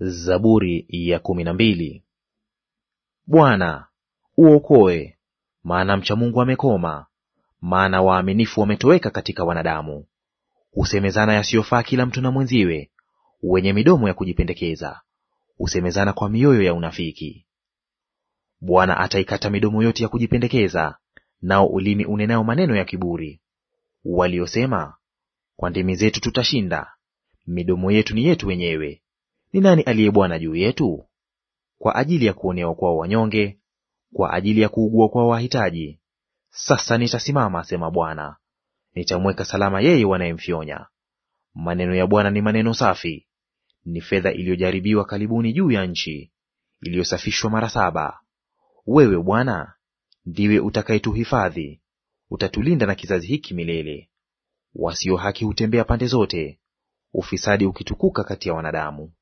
Zaburi ya kumi na mbili. Bwana uokoe, maana mcha Mungu amekoma, maana waaminifu wametoweka katika wanadamu. Husemezana yasiyofaa kila mtu na mwenziwe, wenye midomo ya kujipendekeza husemezana kwa mioyo ya unafiki. Bwana ataikata midomo yote ya kujipendekeza, nao ulimi unenayo maneno ya kiburi. Waliosema, kwa ndimi zetu tutashinda, midomo yetu ni yetu wenyewe, ni nani aliye Bwana juu yetu? Kwa ajili ya kuonewa kwao wanyonge, kwa ajili ya kuugua kwa wahitaji. Sasa nitasimama, asema Bwana, nitamweka salama yeye wanayemfyonya. Maneno ya Bwana ni maneno safi, ni fedha iliyojaribiwa kalibuni juu ya nchi, iliyosafishwa mara saba. Wewe Bwana ndiwe utakayetuhifadhi, utatulinda na kizazi hiki milele. Wasio haki hutembea pande zote, ufisadi ukitukuka kati ya wanadamu.